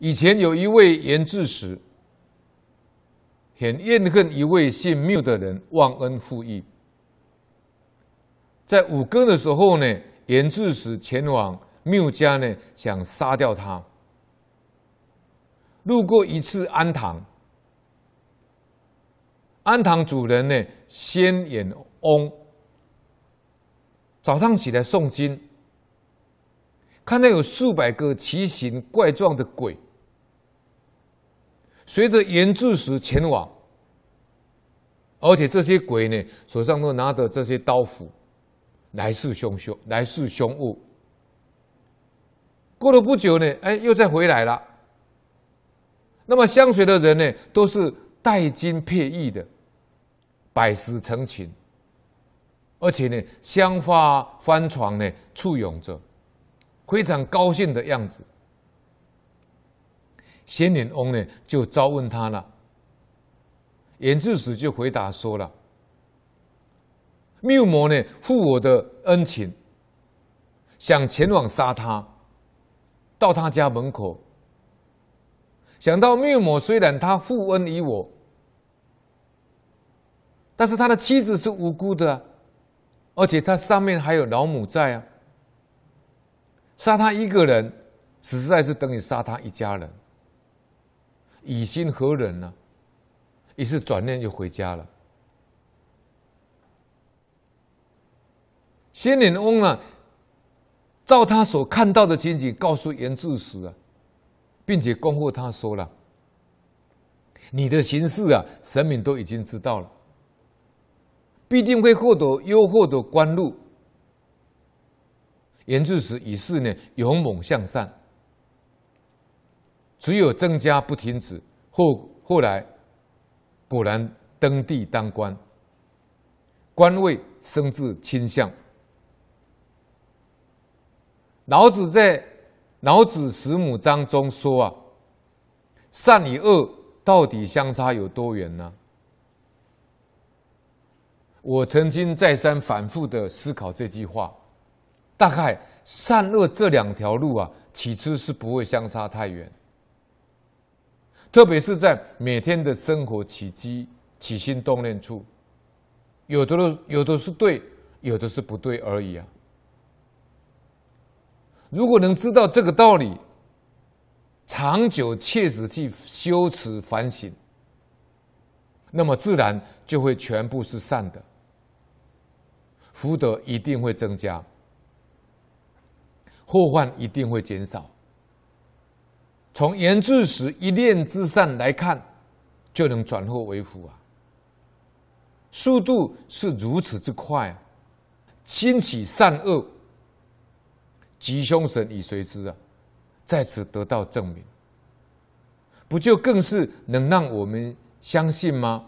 以前有一位嚴治史，很怨恨一位姓繆的人忘恩負義。在五更的時候呢，嚴治史前往繆家呢，想殺掉他。路過一次庵堂，庵堂主人呢，先演翁。早上起來誦經，看到有數百個奇形怪狀的鬼。隨着研制時前往，而且這些鬼呢，手上都拿着這些刀斧，來勢洶洶，來勢凶惡。過了不久呢，哎，又再回來了。那麼相隨的人呢，都是戴金佩玉的，百十成群，而且呢，香花幡幢呢簇擁着，非常高興的樣子。先靈翁呢，就招問他了。顏志史就回答說了：“繆某呢，負我的恩情，想前往殺他，到他家門口。想到繆某雖然他負恩於我，但是他的妻子是無辜的啊，而且他上面還有老母在啊，殺他一個人，實在是等於殺他一家人。”以心何忍呢？於是轉念就回家了。仙人翁啊，照他所看到的情景，告訴顏志時啊，並且恭賀他說了：“你的行事啊，神明都已經知道了，必定會獲得優厚的官祿。”顏志時以是呢，勇猛向善。只有增加不停止，後後來，果然登第當官，官位升至卿相。老子在《老子十母章》中說啊：“善與惡到底相差有多遠呢？”我曾經再三反覆的思考這句話，大概善惡這兩條路啊，起初是不會相差太遠。特別是在每天的生活起居、起心動念處，有的，有的是對，有的是不對而已啊。如果能知道這個道理，長久切實去修持反省，那麼自然就會全部是善的，福德一定會增加，禍患一定會減少。從嚴自時一念之善來看，就能轉禍為福啊！速度是如此之快，啊，心起善惡、吉凶神已隨之啊，在此得到證明，不就更是能讓我們相信嗎？